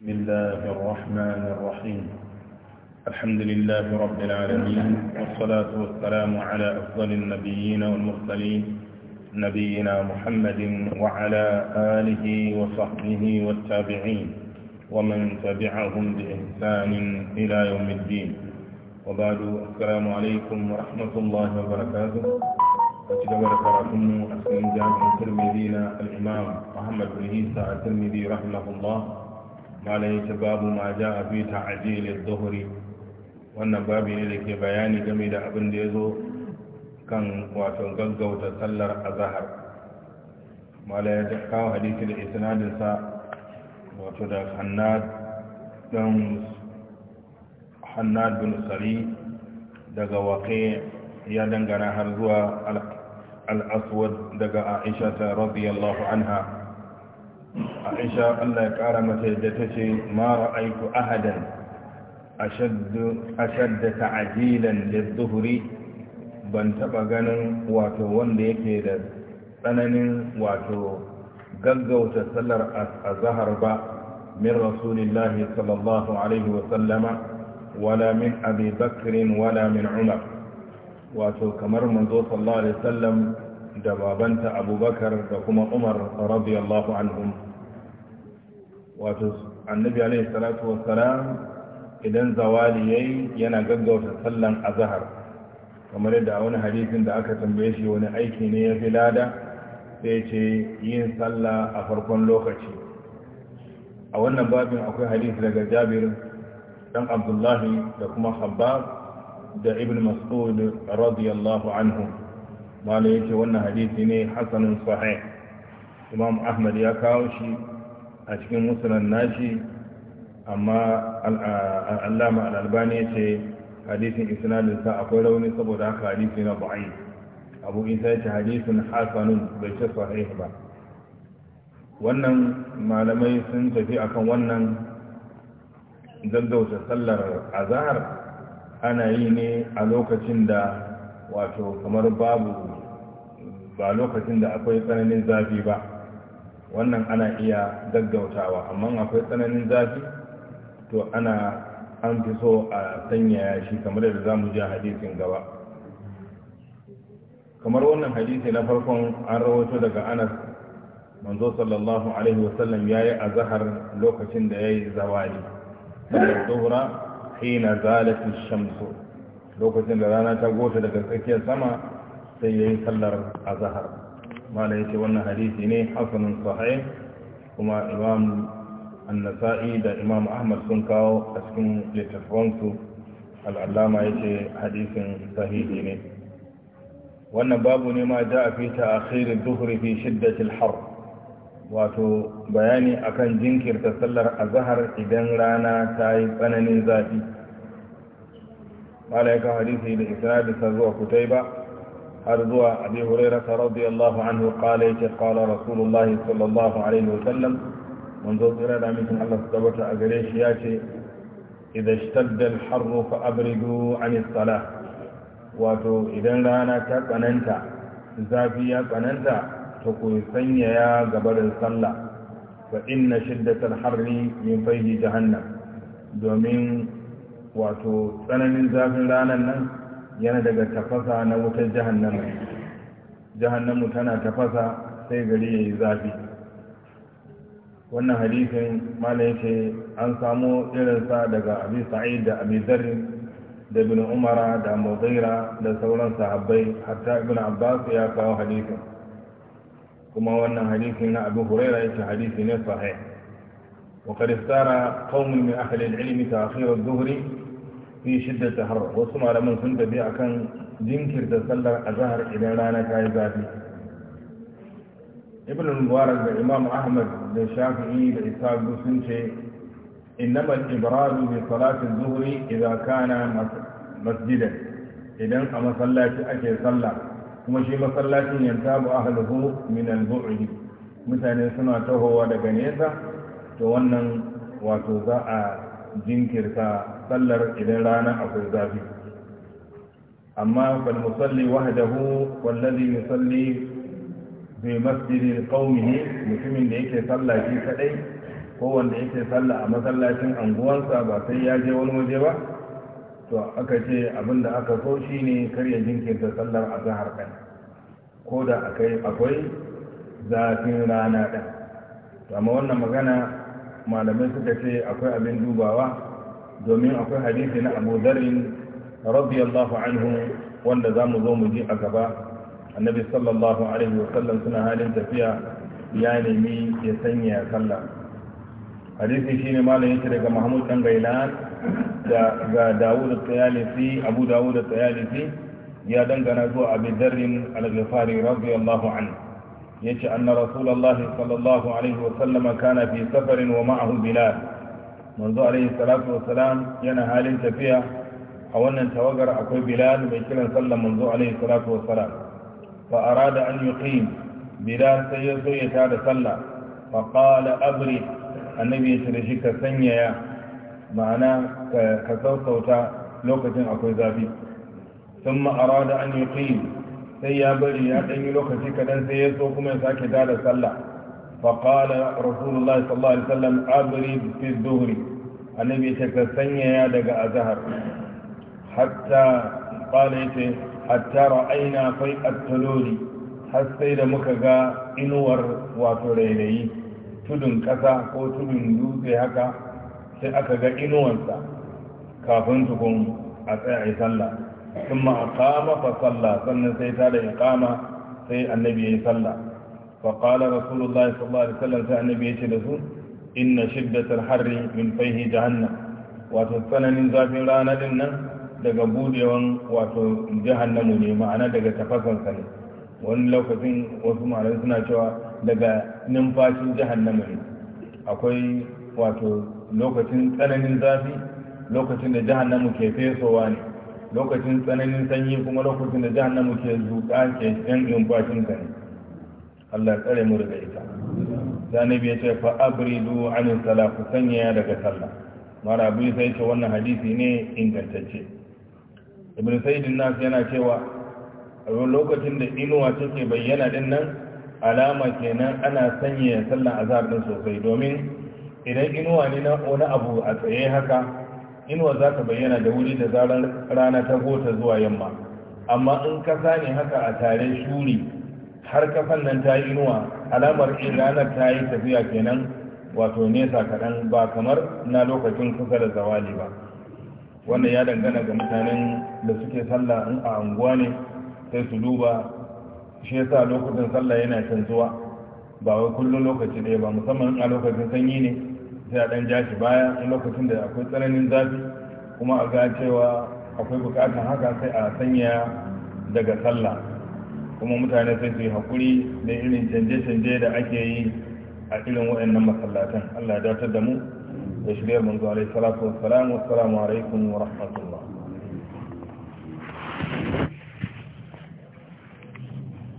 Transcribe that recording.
بسم الله الرحمن الرحيم الحمد لله رب العالمين والصلاة والسلام على أفضل النبيين والمرسلين نبينا محمد وعلى آله وصحبه والتابعين ومن تبعهم بإحسان إلى يوم الدين وبعد السلام عليكم ورحمة الله وبركاته وتدبر كراتم أسلم جامع الترمذي الإمام محمد بن عيسى الترمذي رحمه الله malai ta babu ma ja a fi ta'ajilin zuhuri wannan babu ne da ke bayani game da abin da ya zo kan wato gaggauta sallar azahar malai ya kawo hadisi da isnadinsa wato da hannad bin sari daga waƙe ya dangana har zuwa al-aswad daga aisha radiyallahu anha aisha Allah ya kara mata yadda ta ce mara aiku ahadan ashadda ta'ajilan lizuhri ban taba ganin wato wanda yake da tsananin wato gaggauta sallar zahar ba min rasulillahi sallallahu alaihi wa sallama wala min abi bakrin wala min umar wato kamar manzo sallallahu alaihi wasallam da babanta abubakar da kuma umar radiyallahu anhum wato annabi alaihi salatu wassalam idan zawali yayi yana gaggauta sallan azhar kamar yadda wani hadisin da aka tambaye shi wani aiki ne ya fi lada sai ce yin sallah a farkon lokaci a wannan babin akwai hadisi daga jabir dan abdullahi da kuma habab da ibn mas'ud radiyallahu anhu malai yace wannan hadisi ne hasanun sahih imam ahmad ya kawo shi a cikin musulun nashi amma allama al'albani ya ce hadisin isnadinsa akwai rauni saboda haka hadisi na ba'i abu isa ya ce hadisin hasanun bai ce sahih ba wannan malamai sun tafi akan wannan zazzauta sallar azahar ana yi ne a lokacin da wato kamar babu ba lokacin da akwai tsananin zafi ba wannan ana iya gaggautawa amma akwai tsananin zafi to ana an fi so a sanyaya shi kamar da za mu ji hadisin gaba kamar wannan hadisi na farkon an rawato daga anas manzo sallallahu alaihi wasallam ya yi azahar lokacin da ya yi zawali daga tsohura hina zalatin shamsu lokacin da rana ta gota daga tsakiyar sama sai ya yi sallar azahar mala yace wannan hadisi ne hasanun sahih kuma imam annasa'i da imam ahmad sun kawo a cikin littafansu al'allama yace hadisin sahihi ne wannan babu ne ma ja a fi ta'akhir ad-dhuhr fi shiddati har wato bayani akan jinkirta sallar azahar idan rana ta yi tsananin zafi mala yaka hadisi da da sa zuwa ba أرجو أبي هريرة رضي الله عنه قال قال رسول الله صلى الله عليه وسلم منذ إلى مثل الله ثبت أجريش ياتي إذا اشتد الحر فأبردوا عن الصلاة wato idan rana ta tsananta zafi ya tsananta to ku sanyaya gabarin sallah fa inna shiddatal harri min fayhi jahannam domin wato tsananin zafin ranan nan yana daga tafasa na wutar jahannama jahannama tana tafasa sai gari ya yi zafi wannan hadisin mala yake an samo irinsa daga abi sa'id da abi zarri da bin umara da mazaira da sauran sahabbai hatta ibn abbas ya kawo hadisin kuma wannan hadisin na abu huraira yake hadisi ne sahih وقد اختار قوم من ilimi العلم تأخير zuhuri. fi shiddar ta wasu malaman sun tafi akan jinkirta sallar azahar idan rana ta yi zafi ibn mubarak da imam ahmad da shafi'i da isa sun ce innama ibradu bi salatin zuhri idan kana masjida idan a masallaci ake sallah kuma shi masallacin yantabu ahluhu min al-bu'd mutane suna tahowa daga nesa to wannan wato za a jinkirta sallar idan rana akwai zafi amma bal musalli wahdahu wallazi yusalli bi masjidil qaumihi mutumin da yake sallah shi kadai ko wanda yake sallah a masallacin anguwansa ba sai ya je wani waje ba to aka ce abinda aka so shine kar ya jinkirta sallar azhar kai ko da akai akwai zafin rana ɗin amma wannan magana malamai suka ce akwai abin dubawa domin akwai hadisi na abu zarin radiyallahu anhu wanda za mu zo mu ji a gaba annabi sallallahu alaihi wasallam suna halin tafiya ya nemi ya sanya sallah hadisi shine malam yake daga mahmud dan gailan ga dawud tayalisi abu dawud at ya dangana zuwa abi dharr al-ghifari radiyallahu anhu yace anna rasulullahi sallallahu alaihi wa sallam kana fi safarin wa ma'ahu bilal manzo alaihi salatu wa salam yana halin tafiya a wannan tawagar akwai bilal mai kiran sallan manzo alaihi salatu wa wasalam fa arada an yuqim bilal sai ya zo ya tada sallah fa qala abri annabi ya shi ka sanyaya ma'ana ka sassauta lokacin akwai zafi ثم أراد أن يقيم sai ya bari ya ɗan yi lokaci kadan sai ya so kuma ya sake da da sallah faƙala rasulullah sallallahu alaihi wasallam abri fi annabi ya ka sanyaya daga azhar hatta qala yace hatta ra'ayna at har sai da muka ga inuwar wato rairayi tudun ƙasa ko tudun dutse haka sai aka ga inuwansa kafin tukun a tsaye sallah ثم أقام فصلى صلى سيتال إقامة سي النبي صلى فقال رسول الله صلى الله عليه وسلم su النبي يشدسو إن شدة الحر من فيه جهنم وتسنن زافي رانا لنا daga budewan wato jahannamu ne ma'ana daga tafasansa ne wani lokacin wasu malamai suna cewa daga numfashin jahannamu ne akwai wato lokacin tsananin zafi lokacin da jahannamu ke fesowa ne lokacin tsananin sanyi kuma lokacin da jahannamu ke zuƙa ke yan numfashin ka ne Allah tsare mu daga ita zanabi ya ce fa abridu anin sala ku sanya daga sallah mara abu sai ce wannan hadisi ne ingantacce ibn sa'id nas yana cewa a lokacin da inuwa take bayyana din nan alama kenan ana sanya sallah azhar din sosai domin idan inuwa ne na wani abu a tsaye haka inuwa za ka bayyana da wuri da zarar rana ta gota zuwa yamma amma in ka sani haka a tare shuri har kasan nan ta yi inuwa alamar in ranar ta yi tafiya kenan wato nesa kaɗan ba kamar na lokacin kusa da zawali ba wannan ya dangana ga mutanen da suke sallah in a anguwa ne sai su duba shi yasa lokutan sallah yana canzuwa ba wai kullum lokaci ɗaya ba musamman a lokacin sanyi ne sai a jashi baya a lokacin da akwai tsananin zafi kuma a ga cewa akwai bukatar haka sai a sanya daga sallah kuma mutane sai su yi haƙuri da irin canje-canje da ake yi a irin waɗannan masallatan Allah ya datar da mu da shirya manzo alaihi salatu wassalamu alaikum wa rahmatullah